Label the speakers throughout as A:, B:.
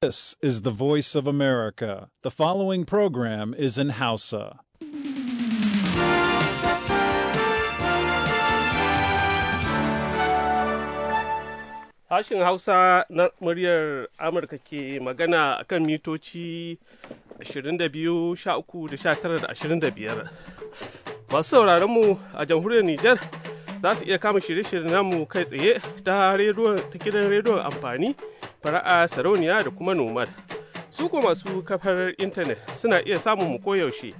A: This is the voice of America. The following program is in Hausa.
B: Sashen Hausa na muryar Amurka ke magana akan mitoci 22, 13 da Masu sauraron mu a jamhuriyar Nijar za su iya kama shirye-shiryen namu kai tsaye ta gidan rediyon amfani fara'a sarauniya da kuma Nomar, su ko masu kafar intanet suna iya samun mu koyaushe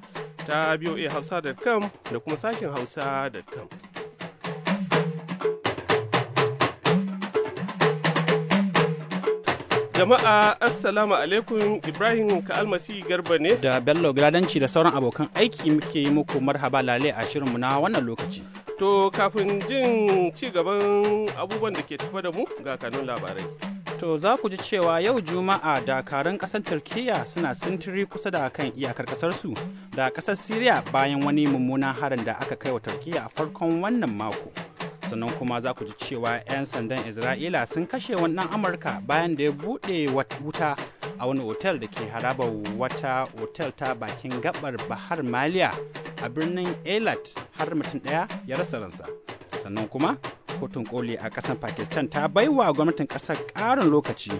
B: ta voa hausa.com da kuma sashin hausa.com jama'a assalamu alaikum ibrahim almasi garba ne
A: da bello gradanci da sauran abokan aiki muke yi muku marhaba lale a shirinmu na wannan lokaci
B: to kafin jin ci gaban abubuwan da ke tafa da mu ga kanun labarai
A: To za ku ji cewa yau Juma'a dakarun ƙasar Turkiyya suna sintiri kusa da kan iyakar ƙasarsu da ƙasar Siriya bayan wani mummunan harin da aka kai wa Turkiyya a farkon wannan mako. Sannan kuma za ku ji cewa 'yan sandan Isra'ila sun kashe wannan Amurka bayan da ya buɗe wuta a wani otel da ke harabar wata otel ta bakin gabar Bahar Maliya a birnin Eilat har mutum ɗaya ya rasa ransa. Sannan kuma kotun koli a ƙasar pakistan ta baiwa gwamnatin kasar karin lokaci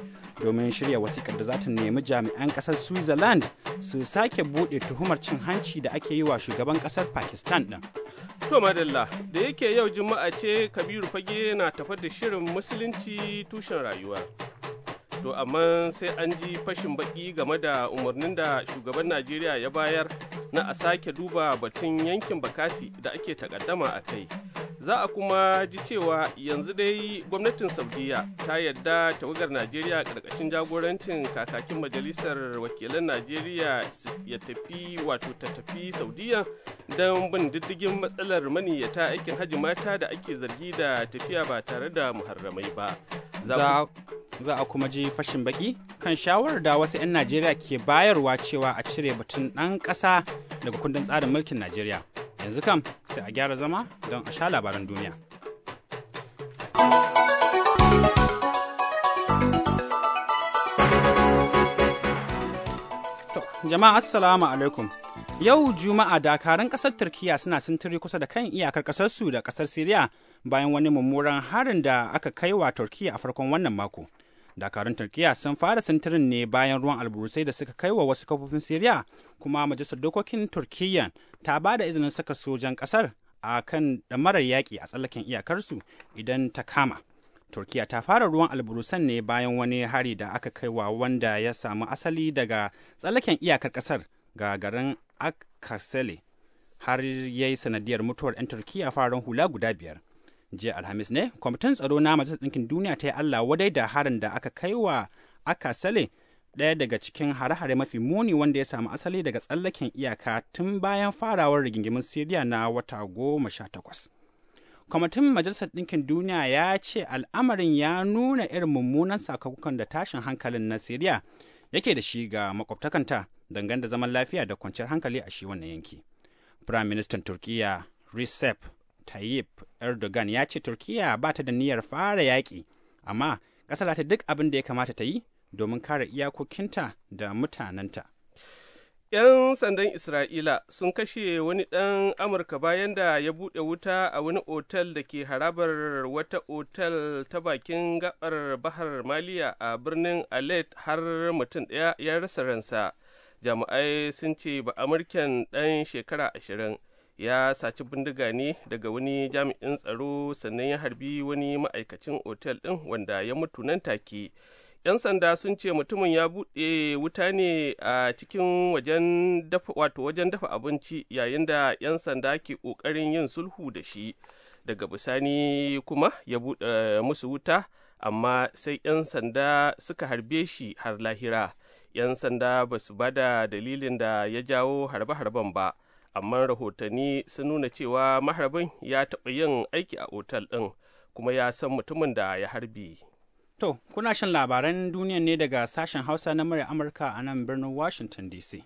A: domin shirya wasikar da za ta nemi jami'an ƙasar switzerland su sake buɗe tuhumar cin hanci da ake yi wa shugaban ƙasar pakistan ɗin
B: to madalla da yake yau juma'a ce kabiru fage na tafar da shirin musulunci tushen rayuwa to amma sai an ji fashin baki game da umarnin da shugaban najeriya ya bayar na a sake duba batun yankin bakasi da ake takaddama a kai za a kuma ji cewa yanzu dai gwamnatin saudiya ta yarda tawagar najeriya karkashin jagorancin kakakin majalisar wakilan najeriya ya tafi wato ta tafi saudiya don bin diddigin matsalar maniyyata aikin hajji mata da ake zargi da tafiya
A: ba tare da muharramai ba za a kuma ji fashin baki kan shawarar da wasu 'yan najeriya ke bayarwa cewa a cire batun ɗan ƙasa daga kundin tsarin mulkin najeriya Yanzu kam sai a gyara zama don a sha labaran duniya. Jama'a Assalamu alaikum. Yau Juma'a dakarun ƙasar Turkiyya suna sintiri kusa da kan iyakar su da ƙasar Siriya bayan wani mummuran harin da aka kai wa turkiya a farkon wannan mako. dakarun turkiya sun fara sintirin ne bayan ruwan alburusai da suka kai wa wasu kafofin siriya kuma majalisar dokokin turkiyya ta ba da izinin saka sojan kasar a kan damarar yaƙi a tsallaken iyakarsu idan ta kama turkiya ta fara ruwan alburusan ne bayan wani hari da aka kai wa wanda ya samu asali daga tsallaken iyakar kasar ga garin akasele har ya yi sanadiyar mutuwar 'yan turkiya farin hula guda biyar jiya alhamis ne kwamitin tsaro na majalisar ɗinkin duniya ta yi allah wadai da harin da aka kai wa aka sale ɗaya daga cikin hare-hare mafi muni wanda ya samu asali daga tsallaken iyaka tun bayan farawar rigingimin siriya na wata goma sha takwas kwamitin majalisar ɗinkin duniya ya ce al'amarin ya nuna irin mummunan sakamakon da tashin hankalin na siriya yake da shi ga makwabtakanta dangane da zaman lafiya da kwanciyar hankali a shi wannan yanki firaministan Turkiyya recep Tayyip Erdogan ya ce Turkiya ba ta da niyyar fara yaƙi, amma ƙasar ta duk abin da ya kamata ta yi domin kare iyakokinta da mutanenta.
B: 'Yan sandan Isra'ila sun kashe wani ɗan Amurka bayan da ya buɗe wuta a wani otal da ke harabar wata otal ta bakin gabar Bahar Maliya a birnin Alet har mutum ɗaya ya rasa ransa. Jami'ai sun ce ba Amurken ɗan shekara ashirin. ya saci bindiga ne daga wani jami'in tsaro sannan ya harbi wani ma'aikacin otel ɗin wanda ya mutu nan take 'yan sanda sun ce mutumin ya buɗe wuta ne a cikin wato wajen dafa abinci yayin da 'yan sanda ke ƙoƙarin yin sulhu da shi daga bisani kuma ya buɗe musu wuta amma sai 'yan sanda suka harbe shi har lahira 'yan sanda ba su bada dalilin da ya jawo harbe-harben ba. amma rahotanni sun nuna cewa maharbin ya taɓa yin aiki a otal ɗin kuma
A: ya san mutumin da ya harbi. To, kuna shan labaran duniya ne daga sashen Hausa na murya Amurka a nan birnin Washington DC.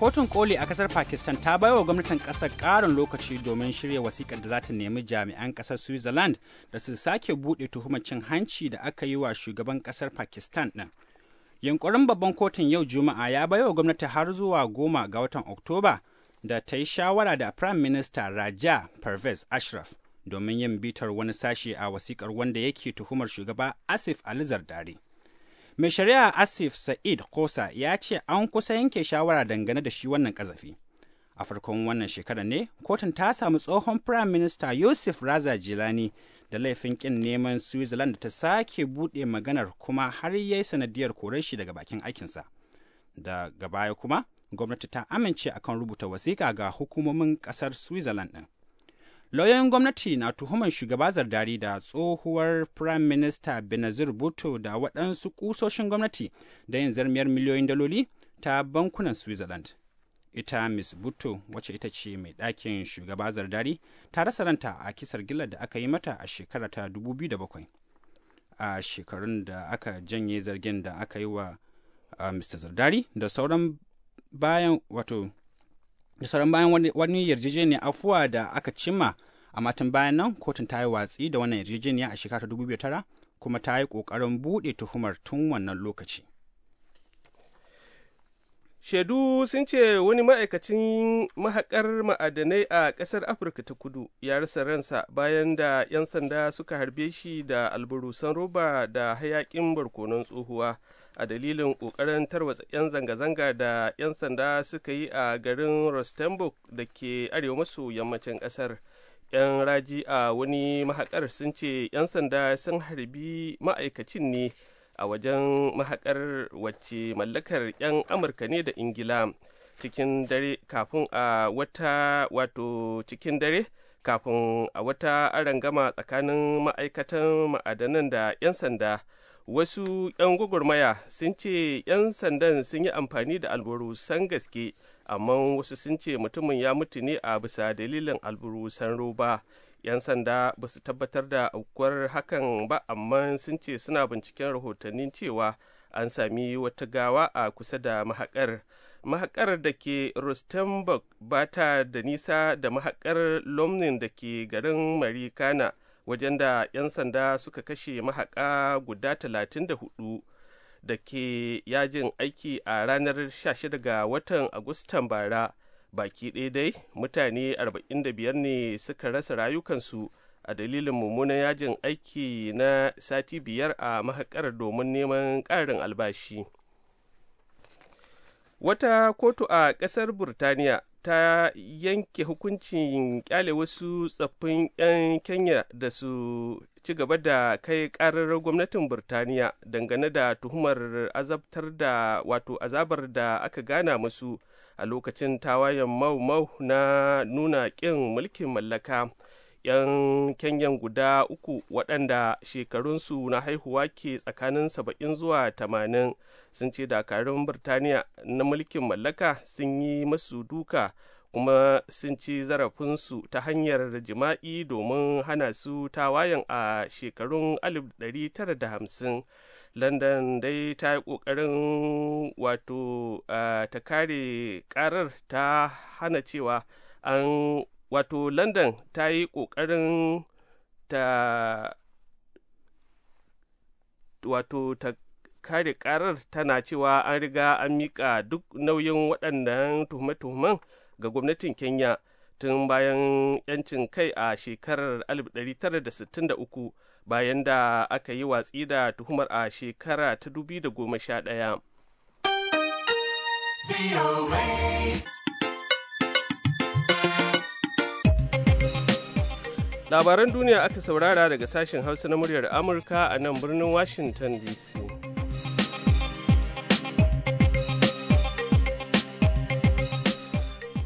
A: kotun koli a kasar pakistan ta baiwa gwamnatin kasar karin lokaci domin shirya wasikar da za ta nemi jami'an kasar switzerland da su sake buɗe tuhumar cin hanci da aka yi wa shugaban kasar pakistan ɗin yunkurin babban kotun yau juma'a ya baiwa gwamnati har zuwa goma ga watan oktoba da ta yi shawara da prime minister raja pervez ashraf domin yin bitar wani sashe a wasikar wanda yake tuhumar shugaba asif alizardari. Mai shari'a Asif Sa'id Kosa ya ce an kusa yanke shawara dangane da shi wannan kazafi. A farkon wannan shekarar ne, kotun ta samu tsohon Prime Minister Yusuf Raza Jilani da laifin kin neman Switzerland da ta sake buɗe maganar kuma har yi sanadiyar korar shi daga bakin aikinsa. Daga baya kuma, gwamnati ta amince akan rubuta wasiƙa ga hukumomin ƙasar Switzerland ɗin. lauyoyin gwamnati na tuhumar shugaba zardari da tsohuwar prime minister benazir bhutto da waɗansu ƙusoshin gwamnati da yin zarmiyar miliyoyin daloli ta bankunan switzerland ita miss bhutto wacce ita ce mai ɗakin shugaba zardari ta rasa ranta a kisar gillar da aka yi mata a shekara ta 2007 a shekarun da aka janye zargin da aka yi wa uh, mr zardari da sauran bayan wato da sauran bayan wani yarjejeniya afuwa da aka cimma a matan bayan nan kotun ta yi watsi da wannan yarjejeniya a shekara ta 2009 kuma ta yi kokarin buɗe tuhumar tun wannan lokaci
B: shaidu sun ce wani ma'aikacin mahaƙar ma'adanai a ƙasar afirka ta kudu ya rasa ransa bayan da 'yan sanda suka harbe shi da alburusan roba da hayaƙin barkonon tsohuwa a dalilin ƙoƙarin tarwatsa 'yan zanga-zanga da 'yan sanda suka yi a garin rustenburg da ke arewa maso yammacin ƙasar 'yan raji a wani mahaƙar sun ce 'yan sanda sun harbi ma'aikacin ne a wajen mahakar wacce mallakar 'yan amurka ne da ingila cikin dare kafin a wata wato cikin dare kafin a wata arangama tsakanin ma'aikatan ma'adanan da 'yan sanda wasu 'yan gwagwarmaya sun ce 'yan sandan sun yi amfani da alburusan gaske amma wasu sun ce mutumin ya mutu ne a bisa dalilin alburusan roba 'yan sanda ba su tabbatar da aukuwar hakan ba amma sun ce suna binciken rahotannin cewa an sami wata gawa a kusa da mahakar mahakar da ke rustenburg ba ta da nisa da mahakar lomnin da ke garin marikana wajen da 'yan sanda suka kashe mahaƙa guda 34 da ke yajin aiki a ranar 16 ga watan agustan bara baki ɗaya dai mutane 45 ne suka rasa rayukansu a dalilin mummunan yajin aiki na sati biyar a mahaƙar domin neman ƙarin albashi wata kotu a ƙasar burtaniya ta yanke hukuncin kyale wasu tsaffin 'yan kenya da su ci gaba da kai karar gwamnatin burtaniya dangane da tuhumar azabtar da wato azabar da aka gana musu a lokacin tawayen mau-mau na nuna ƙin mulkin mallaka 'yan kenyan guda uku waɗanda shekarunsu na haihuwa ke tsakanin saba'in zuwa tamanin sun ce dakarun birtaniya na mulkin mallaka sun yi masu duka kuma sun ci zarafinsu ta hanyar jima'i domin hana su tawayen a shekarun 1950 london dai ta yi ƙoƙarin wato ta kare ƙarar ta hana cewa an wato london ta yi ƙoƙarin ta wato ta kare karar tana cewa an riga an mika duk nauyin waɗannan tuhume-tuhumen ga gwamnatin kenya tun bayan 'yancin kai a shekarar 1963 bayan da aka yi watsi da tuhumar a shekara ta 2011 labaran duniya aka saurara daga sashen hausa na muryar amurka a nan birnin washington dc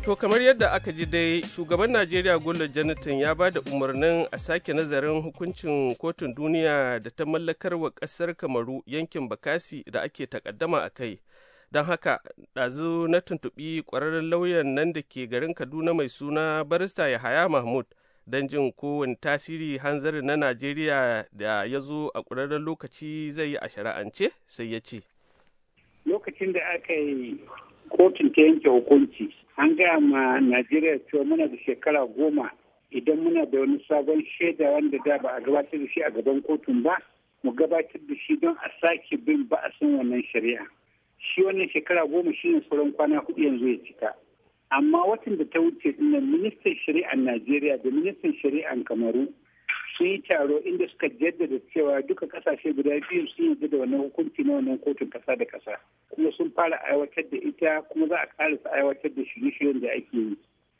B: To kamar yadda aka ji dai shugaban Najeriya Gola Jonathan ya ba da umarnin a sake nazarin hukuncin kotun duniya da ta mallakar wa ƙasar Kamaru yankin Bakasi da ake takaddama a kai. Don haka, ɗazu na tuntuɓi ƙwararren lauyan nan da ke garin Kaduna mai suna barista Yahaya Mahmud don jin kowane tasiri hanzarin na najeriya da ya zo a ƙurarren lokaci zai yi a shari'ance sai ya ce
C: lokacin da aka yi kotun ta yanke hukunci an gaya ma najeriya cewa muna da shekara goma idan muna da wani sabon shaida wanda da ba a gabatar da shi a gaban kotun ba mu gabatar da shi don a sake bin san wannan shari'a shi wannan shekara goma shine sauran kwana hudu yanzu ya cika amma watan da ta wuce ina ministan shari'ar najeriya da ministan shari'ar kamaru sun yi taro inda suka jaddada cewa duka kasashe guda biyu sun yi da wannan hukunci na wannan kotun kasa da kasa kuma sun fara aiwatar da ita kuma za a su aiwatar da shirye-shiryen da ake yi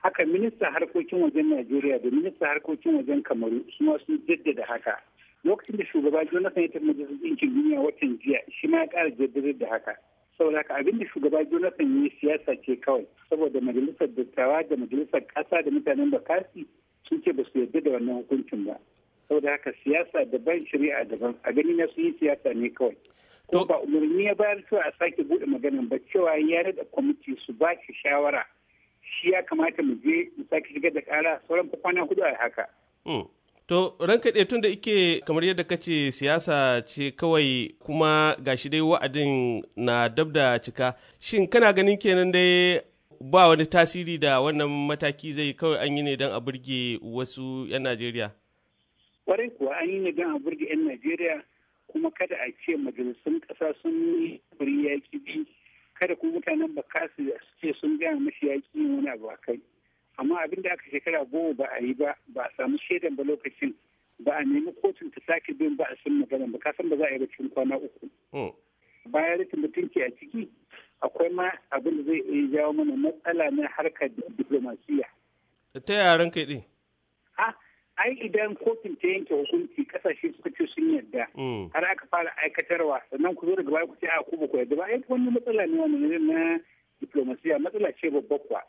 C: haka ministan harkokin wajen najeriya da ministan harkokin wajen kamaru su ma sun jaddada haka lokacin da shugaba jonathan ya tafi majalisar ɗinkin duniya watan jiya shi ma ya kara jaddada da haka saboda ka abin da shugaba jonathan yi siyasa ce kawai saboda majalisar dattawa da majalisar kasa da mutanen bakasi su sun ce ba su yarda da wannan hukuncin ba saboda haka siyasa daban shari'a daban a gani na sun yi siyasa ne kawai ko ba umarni ya bayar cewa a sake buɗe maganan ba cewa ya da kwamiti su ba shi shawara shi ya kamata mu je mu sake shigar da kara sauran kwana hudu a haka.
B: Hmm. To ranka ɗaya tun da ike kamar yadda ka ce siyasa ce kawai kuma gashi dai wa'adin na dab da cika. Shin kana ganin kenan dai ba wani tasiri da wannan mataki zai kawai an yi ne don a burge wasu 'yan Najeriya?
C: Kwarai kuwa an yi ne don a burge 'yan Najeriya kuma kada a ce majalisun ƙasa sun yi yaƙi kada kuma mutanen ba kasu ce sun gaya mashi yaƙi wani abu a kai. amma abin da aka shekara goma ba a yi ba ba a samu shaidan ba lokacin ba a nemi kotun ta sake bin ba a sun magana ba kasan ba za a yi ba cikin kwana uku hmm. bayan rikin mutunci a ciki akwai ma abin da zai iya jawo mana matsala na harkar diplomasiya
B: ta yaran kai din
C: a ai idan kotun ta yanke hukunci kasashe suka ce sun yarda hmm. har aka fara aikatarwa sannan ku zo daga baya ku ce a ku ba ku yarda ba ai wani matsala ne wani na diplomasiya matsala ce babba kuwa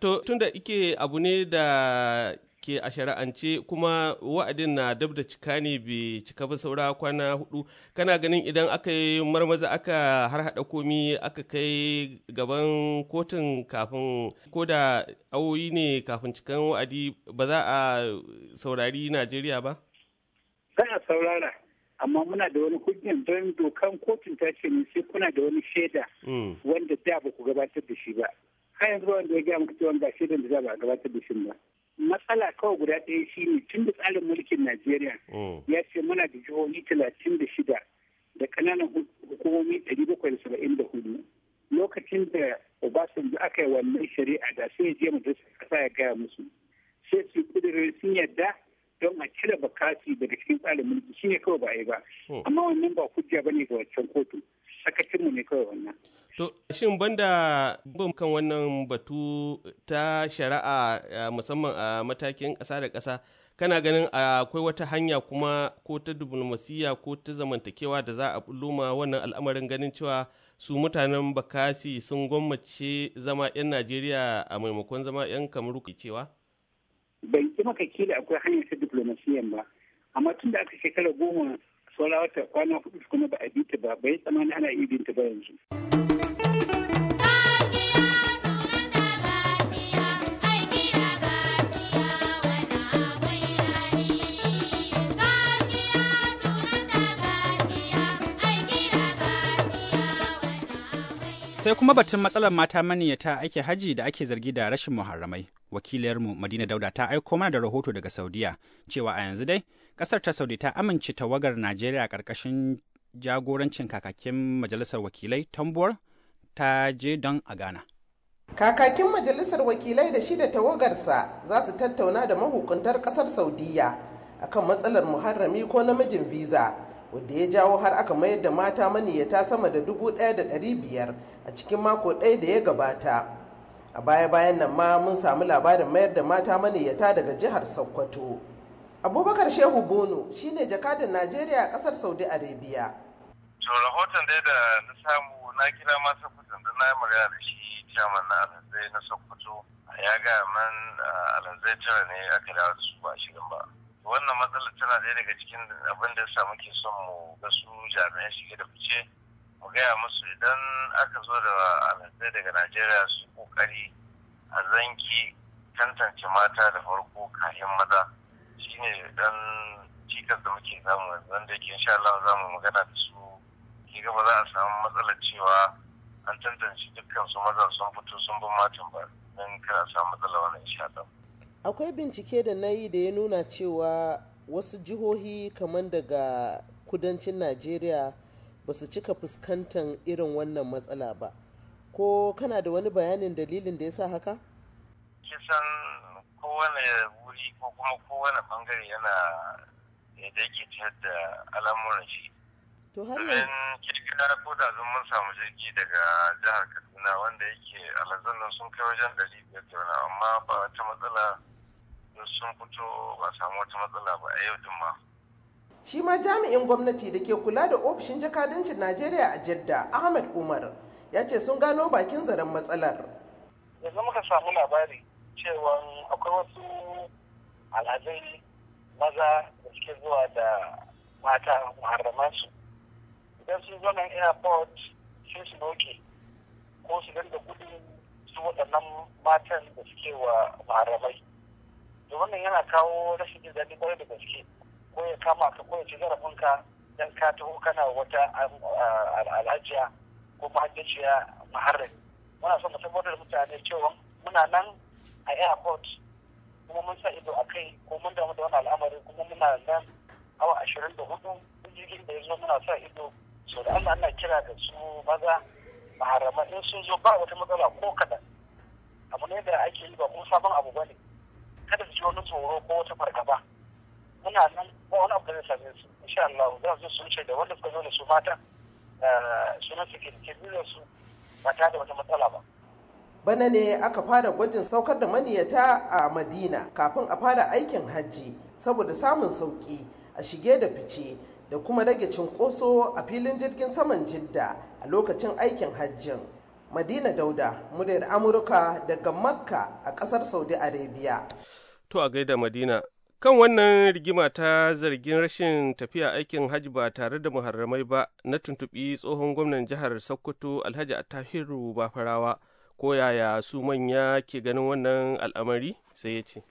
B: to tunda ike abu ne da ke a shari'ance kuma wa'adin na dab da cika ne bai cika ba saura kwana hudu kana ganin idan aka yi marmaza aka har hada komi aka kai gaban kotun kafin ko da awoyi ne kafin cikan wa'adi ba za a saurari najeriya ba
C: kana saurara amma muna da wani hujjan don dokan kotun ta ce ne sai kuna da wani shaida hmm. wanda da ba ku gabatar da shi ba kayan yanzu wanda ya gaya maka cewa ba shirin da za ba gabatar da shin ba matsala kawai guda ɗaya shi ne tun da tsarin mulkin najeriya oh. ya ce muna da jihohi talatin da shida da ƙananan hukumomi ɗari bakwai da saba'in da hudu lokacin da obasanjo aka yi wannan shari'a da sai je majalisar kasa ya gaya musu sai su kudurin sun yarda don a cire bakasi daga cikin tsarin mulki ne kawai ba a yi ba oh. amma wannan ba hujja ba ne ga wancan kotu sakacinmu ne kawai wannan.
B: To, shin banda bin kan wannan batu ta shari'a eh, musamman a matakin ƙasa da ƙasa, kana ganin akwai wata hanya kuma ko ta diplomasiya ko ta zamantakewa da za a luma wannan al'amarin ganin cewa su mutanen bakasi sun gwammace zama 'yan Najeriya a maimakon zama 'yan kamaru ke cewa?
C: Ban ki maka kila akwai hanyar ta diplomasiyan ba, amma tun da aka shekara goma saura wata kwana hudu kuma ba a bi ta ba bai tsamani ana iya binta ba yanzu.
A: sai kuma batun matsalar mata maniyata ake haji da ake zargi da rashin muharramai wakiliyarmu madina dauda ta aiko mana da rahoto daga saudiya cewa a yanzu dai kasar ta Saudi ta amince tawagar Najeriya karkashin jagorancin kakakin Majalisar Wakilai Tambuwar ta je don a Ghana.
D: Kakakin Majalisar Wakilai da shi da tawagarsa za su tattauna da mahukuntar kasar Saudiya akan matsalar muharrami ko namijin visa wadda ya jawo har aka mayar da mata maniyyata sama da dubu ɗaya da ɗari biyar a cikin mako ɗaya da ya gabata. A baya-bayan nan ma mun samu labarin mayar da mata maniyyata daga jihar Sokoto. abubakar shehu bono shine jakadan najeriya a kasar saudi arabia to rahoton dai da na samu na kira ma
B: sokoto da na magana da shi chairman na alhazai na sokoto ya ga man ah, alhazai tara ne aka dawo da su
C: ba shirin ba wannan matsalar tana ɗaya daga cikin abin da sa muke son mu ga su jami'an shige da fice mu gaya musu idan aka zo da alhazai daga najeriya su kokari a zanki tantance mata da farko kafin maza ne dan cikas da muke samu wanda ke insha Allah za mu magana da su ki gaba za a samu matsalar cewa an tantance dukkan su maza sun fito sun bi matan ba don kar a samu matsala wannan insha Allah
D: akwai bincike da na yi da ya nuna cewa wasu jihohi kamar daga kudancin najeriya ba su cika fuskantar irin wannan matsala ba ko kana da wani bayanin dalilin da ya sa haka kisan
C: kowane wuri ko kuma kowane bangare yana da yake ciyar da al'amuran shi
D: to har kirkira
C: ko da zan mun samu jirgi daga jihar kaduna wanda yake alazannan sun kai wajen ɗari biyar da amma ba wata matsala sun fito ba samu wata matsala ba a yau din ma
D: shi ma jami'in gwamnati da ke kula da ofishin jakadancin najeriya a Jadda ahmed umar ya ce sun gano bakin zaren matsalar
C: yanzu muka samu labari cewa akwai wasu al'adun maza da suke zuwa da mata muharramansu idan sun zo nan airport sai su noke ko su dinga gudun su waɗannan matan da suke wa muharramai da wannan yana kawo rashin jin daɗi kwarai da gaske ko ya kama ka ko ya ci zarafinka dan ka taho kana wata um, uh, alhajiya ko mahajjaciya maharrami muna son mu tabbatar da mutane cewa muna nan a airport kuma mun sa ido a kai ko mun damu da wani al'amari kuma muna nan awa ashirin da hudu jirgin da ya zo muna sa ido so da Allah ana kira da su maza maharama in sun zo ba wata matsala ko kaɗan abu ne da ake yi ba kuma sabon abu ba ne kada su ji wani tsoro ko wata fargaba muna nan ba wani abu da zai same su insha Allah za su sun ce da wanda suka zo da su mata eh, sunan su ke da su ba tare da wata matsala ba.
D: bana ne aka fara gwajin saukar da maniyata a madina kafin a fara aikin hajji saboda samun sauƙi a shige da fice da kuma rage cinkoso a filin jirgin saman jidda a lokacin aikin hajjin madina dauda muryar amurka daga makka a ƙasar saudi arabia
B: to a gaida madina kan wannan rigima ta zargin rashin tafiya aikin hajji ba tare da muharramai ba na tuntuɓi tsohon gwamnan jihar sokoto alhaji ba bafarawa ko yaya su manya ke ganin wannan al'amari sai ya ce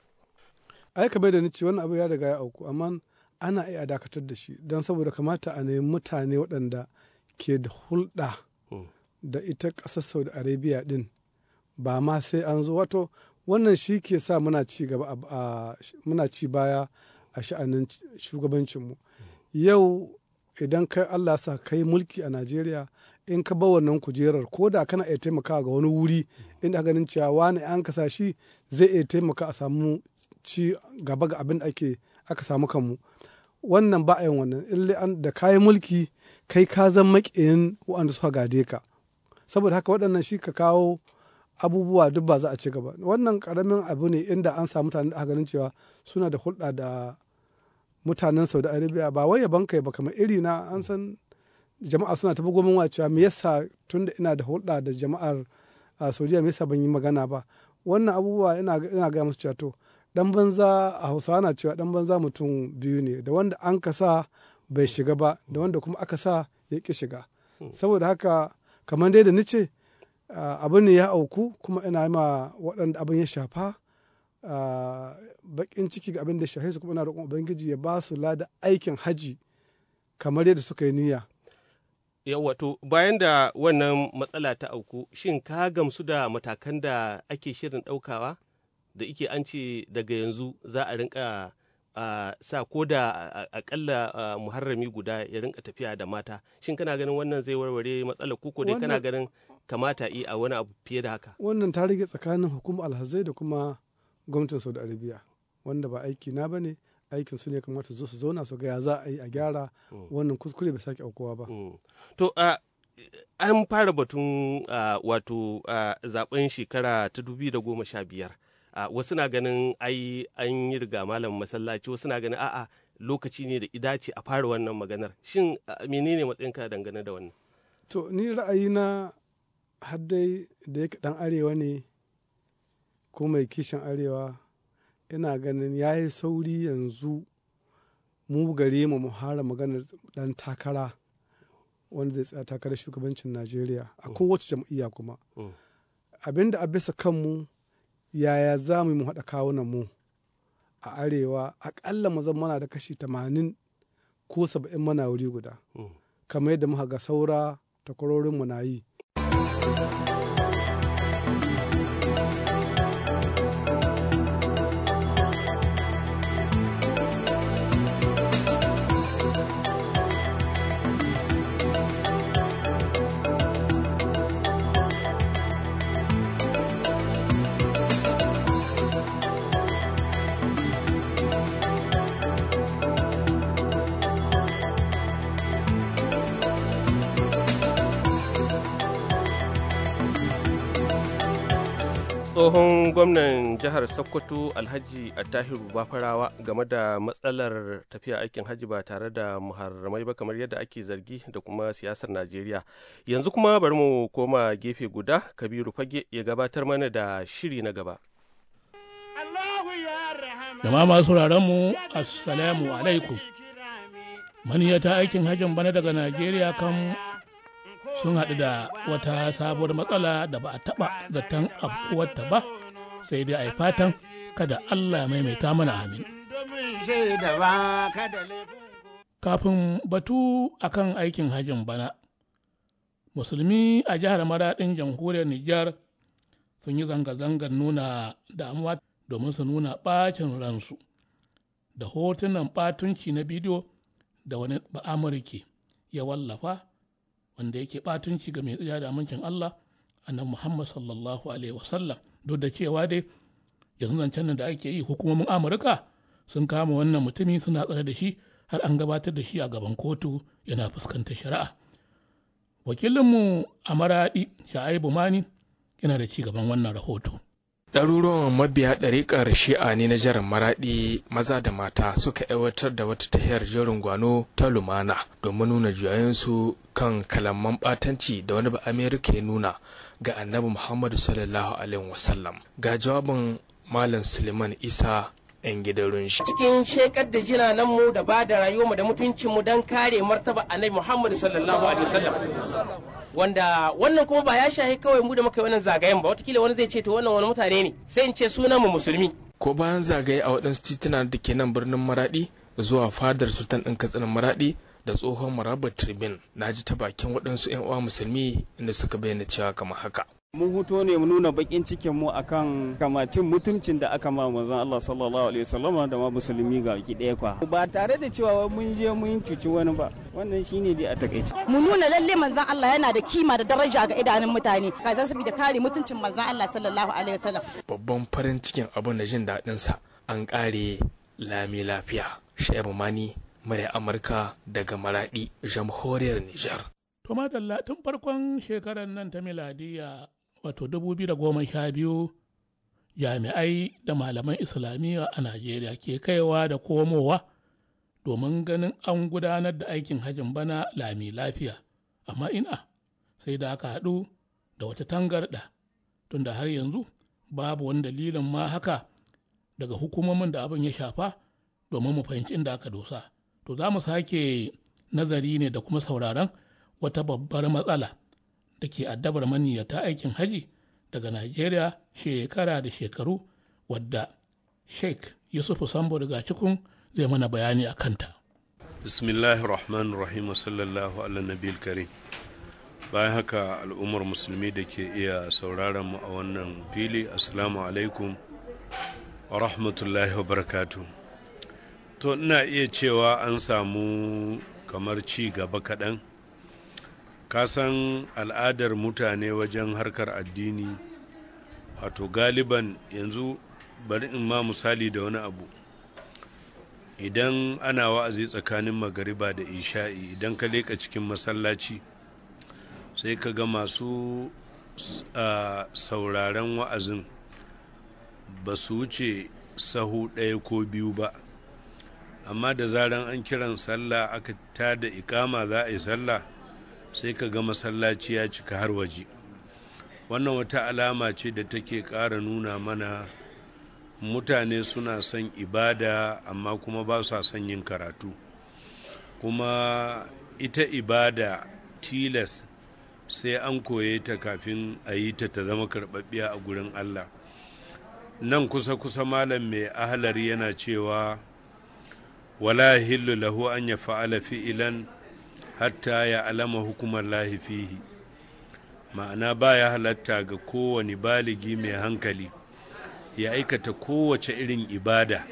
E: ai kamar da ce wannan abu ya riga ya auku amma ana iya dakatar da shi don saboda kamata a nemi mutane waɗanda ke da hulɗa hmm. da ita ƙasar saudi arabia ɗin ba ma sai an zo wato wannan shi ke sa muna ci baya a sha'anin shugabancinmu hmm. yau idan kai allah sa kai mulki a najeriya in ka ba wannan kujerar ko da kana iya taimakawa ga wani wuri inda ganin cewa wani an kasa shi zai iya taimaka a samu ci gaba ga abin da aka samu kanmu wannan ba yin wannan in da kayan mulki kai ka zan makiyin waɗanda suka gade ka saboda haka waɗannan shi ka kawo abubuwa duk ba za a ci gaba wannan karamin abu ne inda an samu mutanen da ganin cewa suna da hulɗa da mutanen saudi arabia ba wai ya kai ba kamar iri na an san jama'a suna ta bugo min cewa me yasa tunda ina da hulɗa da jama'ar Saudiya me yasa ban yi magana ba wannan abubuwa ina gaya ga musu cewa to dan banza a Hausawa na cewa dan banza mutum biyu ne da wanda an ka sa bai shiga ba da wanda kuma aka sa ya ki shiga saboda haka kamar dai da ni ce abin ne ya auku kuma ina ma waɗanda abin ya shafa bakin ciki ga abin da shafe su kuma ina roƙon ubangiji ya ba su lada aikin haji kamar yadda suka yi niyya
B: wato bayan da wannan matsala ta auku shin ka gamsu da matakan da ake shirin ɗaukawa da ike an ce daga yanzu za a rinka sa ko da akalla muharrami guda ya rinka tafiya da mata shin kana ganin wannan zai warware matsalar kuko dai kana ganin kamata yi a wani abu fiye da haka
E: wannan ta rage tsakanin hukumar alhazai da kuma gwamnatin saudi arabia wanda ba aiki na bane aikin su ne kamata su zauna su ga ya za a yi a gyara mm. wannan kuskure bai sake aukuwa ba. Mm.
B: To an fara batun wato zaben shekara ta dubi da goma sha biyar. Wasu na ganin ai an yi riga malam masallaci wasu na ganin a'a lokaci ne da idace a fara wannan maganar. Shin menene matsayinka dangane da wannan?
E: To ni ra'ayina har dai da ya dan arewa ne ko mai kishin arewa ina ganin ya yi sauri yanzu mu gare mu mu hara maganar dan takara wanda zai tsaya takarar shugabancin najeriya a mm. kowace jam'iyya kuma mm. abinda da a bisa kanmu yaya za mu yi mu haɗa kawunan mu a arewa aƙalla mu zama da kashi tamanin ko saba'in mana wuri guda mm. kamar yadda muka ga saura takwarorinmu na yi
B: tsohon gwamnan jihar sokoto alhaji attahiru bafarawa game da matsalar tafiya aikin hajji ba tare da muharramai ba kamar yadda ake zargi da kuma siyasar najeriya yanzu kuma bari mu koma gefe guda kabiru fage ya gabatar mana da shiri na gaba
F: Jam'a masu mu assalamu alaikum maniyata aikin hajjin bana daga najeriya kan sun haɗu da wata sabuwar matsala da ba a taɓa zaton afkuwarta ba sai dai a yi fatan kada Allah maimaita mana amin. Kafin batu a kan aikin hajjin bana, musulmi a jihar maraɗin jamhuriyar Nijar sun yi zanga-zangar nuna damuwa domin su nuna ɓacin ransu da hotunan ɓatunci na bidiyo da wani ba'amurki ya wallafa wanda yake batunci ga mai tsaya da amincin Allah annabi Muhammad sallallahu alaihi wasallam duk da cewa dai yanzu zancen da ake yi hukumomin Amurka sun kama wannan mutumi suna tsare da shi har an gabatar da shi a gaban kotu yana fuskantar shari'a wakilinmu a maraɗi sha'ibu mani yana da ci gaban wannan rahoto
G: ɗaruruwan mabiya ɗariƙar shi'a ne na jarin maraɗi maza da mata suka aiwatar da wata tahiyar jerin gwano ta lumana domin nuna juyayensu kan kalaman batanci da wani ba amerika ya nuna ga annabi muhammadu sallallahu alaihi wasallam ga jawabin malam suleiman isa yan gidan shi.
D: cikin shekar da jina nan mu da ba da rayuwarmu da mutuncinmu don kare martaba annabi muhammadu sallallahu
A: alaihi wasallam
D: wanda wannan kuma ba ya shahi kawai mu da muka yi wannan zagayen ba watakila wani zai ce to wannan wani mutane ne sai in ce sunan mu musulmi
G: ko bayan zagaye a waɗansu tituna da ke nan birnin maraɗi zuwa fadar sultan ɗin katsinan maradi da tsohon marabar tribune na ji ta bakin waɗansu 'yan uwa musulmi inda suka bayyana cewa kamar haka
A: mun huto ne mu nuna bakin cikin mu akan kamacin mutuncin da aka ma manzon Allah sallallahu alaihi wasallam da ma musulmi ga baki daya kwa ba tare da cewa mun je mun cuci wani ba wannan shine dai a takaice
D: mu nuna lalle manzon Allah yana da kima da daraja ga idanun mutane san saboda kare mutuncin manzon Allah sallallahu alaihi wasallam
G: babban farin cikin abun na jin dadin sa an kare lami lafiya Shaibu Mani murya Amurka daga Maradi jamhuriyar Nijar
F: to madalla tun farkon shekarar nan ta miladiya wato Dubu biyu da goma sha biyu, jami'ai da malaman islamiyya a najeriya ke kaiwa da komowa domin ganin an gudanar da aikin hajjin bana lami lafiya amma ina sai da aka haɗu da wata tangarɗa tunda har yanzu babu wani dalilin ma haka daga hukumomin da abin ya shafa domin mu fahimci inda aka dosa to za mu sake nazari ne da kuma sauraron wata babbar matsala da ke addabar maniyyata aikin haji daga Najeriya shekara da shekaru wadda Sheikh yusuf Sambo daga cikin zai mana bayani a kanta.
H: Bismillahirrahmanirrahim sallallahu ala nabil karim. Bayan haka al'ummar musulmi da ke iya sauraron mu a wannan fili assalamu alaikum wa rahmatullahi wa barakatu. To ina iya cewa an samu kamar ci gaba kaɗan. kasan al'adar mutane wajen harkar addini wato galiban yanzu bari in ma misali da wani abu idan ana wa'azi tsakanin magariba da isha'i idan ka leka cikin masallaci sai ka ga masu sauraren wa'azin ba su wuce sahu ɗaya ko biyu ba amma da zaran an kiran sallah aka ta da ikama za a yi sallah sai ka ga masallaci ya cika har waje wannan wata alama ce da take ƙara nuna mana mutane suna son ibada amma kuma ba su son yin karatu kuma ita ibada tilas sai an koye ta kafin a yi ta ta zama karɓaɓɓiya a gurin allah nan kusa-kusa malam mai ahalar yana cewa wala hillu lahu an ya fa'ala fi'ilan hatta ya alama hukumar lahifihi ma'ana baya halatta ga kowane baligi mai hankali ya aikata kowace irin ibada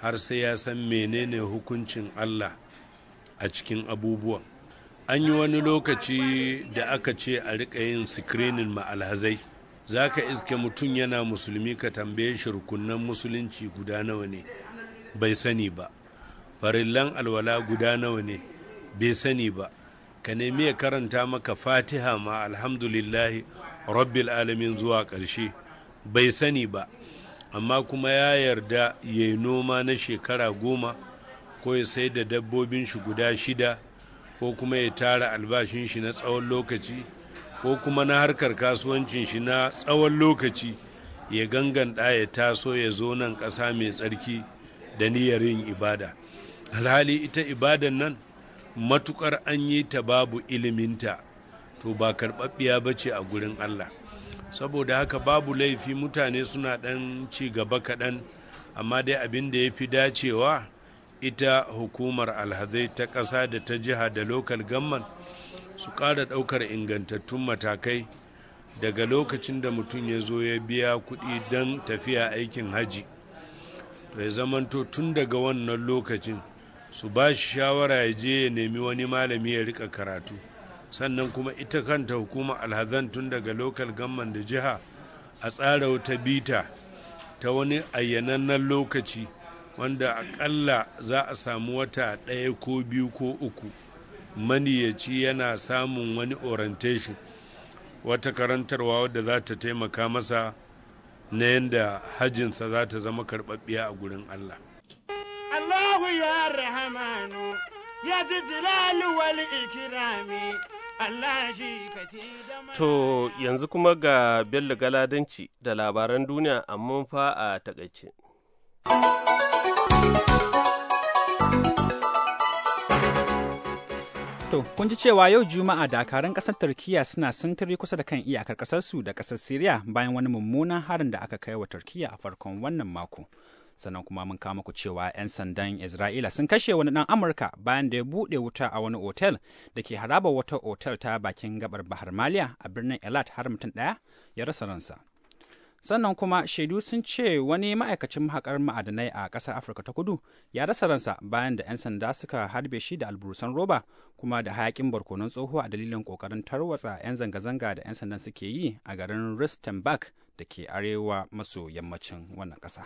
H: har sai ya san menene hukuncin Allah a cikin abubuwan an yi wani lokaci da aka ce a riƙa yin sikirinin ma'alhazai za ka iske mutum yana musulmi ka tambaye shi rukunan musulunci guda nawa ne bai sani ba farillan alwala guda nawa ne bai sani ba ka nemi ya karanta maka fatiha ma alhamdulillahi rabbil alamin zuwa ƙarshe bai sani ba amma kuma ya yarda ya yi noma na shekara goma ko ya sai da dabbobin shi guda shida ko kuma ya tara albashin shi na tsawon lokaci ko kuma na harkar kasuwancin shi na tsawon lokaci ya ganganta ya taso ya zo nan ƙasa mai tsarki da niyyar yin ibada alhali ita ibadan nan matukar an yi ta babu iliminta to ba karɓaɓɓiya ba ce a gurin Allah saboda haka babu laifi mutane suna ɗan ci gaba kaɗan amma dai abin da ya fi dacewa ita hukumar alhazai ta ƙasa da ta jiha da lokal gamman su ƙara ɗaukar ingantattun matakai daga lokacin da mutum ya zo ya biya kuɗi don tafiya aikin haji to ya zamanto tun daga wannan lokacin su ba shi shawara ya je ya nemi wani malami ya rika karatu sannan kuma ita kanta hukuma alhazan tun daga lokal gamman da jiha a tsara wata bita ta wani ayyanannen lokaci wanda akalla za a samu wata ɗaya ko biyu ko uku maniyaci yana samun wani orientation wata karantarwa wadda za ta taimaka masa na yadda hajjinsa za ta zama karɓaɓɓiya a gurin allah يا رحمن يا ذا الجلال والإكرام
B: To yanzu kuma ga Bello Galadanci da labaran duniya amma fa a takaice.
A: To, kun ji cewa yau Juma'a dakarun ƙasar Turkiyya suna sintiri kusa da kan iyakar ƙasarsu da ƙasar Siriya bayan wani mummunan harin da aka kai wa Turkiyya a farkon wannan mako. sannan kuma mun kama ku cewa 'yan sandan isra'ila sun kashe wani dan amurka bayan da ya buɗe wuta a wani otel da ke haraba wata otel ta bakin gabar bahar maliya a birnin elat har mutum ɗaya ya rasa ransa sannan kuma shaidu sun ce wani ma'aikacin mahakar ma'adanai a ƙasar afirka ta kudu ya rasa ransa bayan da 'yan sanda suka harbe shi da alburusan roba kuma da hayakin barkonon tsoho a dalilin ƙoƙarin tarwatsa 'yan zanga-zanga da 'yan sandan suke yi a garin rustenburg da ke arewa maso yammacin wannan ƙasa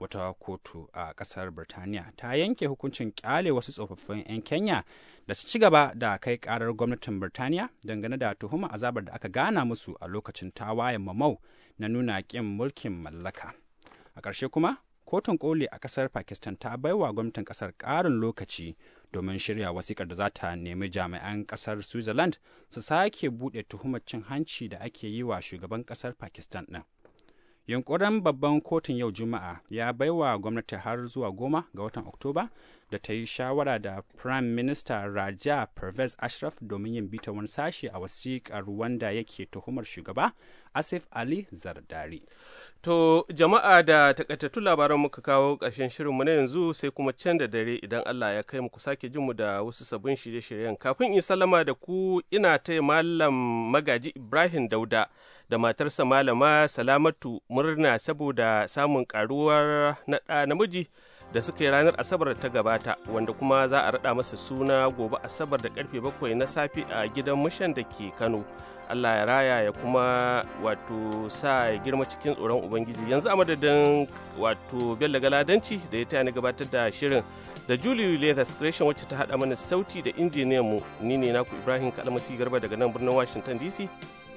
A: wata kotu a kasar birtaniya ta yanke hukuncin kyale wasu tsofaffin 'yan kenya da su ci gaba da kai karar gwamnatin birtaniya dangane da tuhuma azabar da aka gana musu a lokacin tawayen mamau na nuna kin mulkin mallaka a ƙarshe kuma kotun koli a kasar pakistan ta baiwa gwamnatin kasar ƙarin lokaci domin shirya wasikar da za ta nemi jami'an kasar switzerland su sake buɗe tuhumar cin hanci da ake yi wa shugaban kasar pakistan ɗin. yunkurin babban kotun yau juma'a ya baiwa gwamnati har zuwa goma ga watan oktoba da ta yi shawara da Prime Minister Raja Pervez Ashraf domin yin bita wani sashi a wasiƙar wanda yake tuhumar shugaba Asif Ali Zardari. To jama'a da takaitattun labaran muka kawo ƙarshen shirinmu na
B: yanzu sai kuma can da dare idan Allah ya kai muku sake jinmu da wasu sabbin shirye-shiryen. Kafin in salama da ku ina taya Malam Magaji Ibrahim Dauda da matarsa Malama Salamatu murna saboda samun karuwar namiji. namiji. da suka yi ranar asabar ta gabata wanda kuma za a rada masa suna gobe asabar da karfe bakwai na safe a gidan mushan da ke kano allah ya raya ya kuma wato sa ya girma cikin tsoron ubangiji yanzu a madadin wato bello galadanci da ya ni gabatar da shirin da julie leathers creation wacce ta hada mana sauti da injiniyan mu ni ne naku ibrahim kalmasi garba daga nan birnin washington dc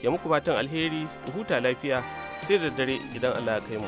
B: ke muku fatan alheri huta lafiya sai da dare idan allah ya kai mu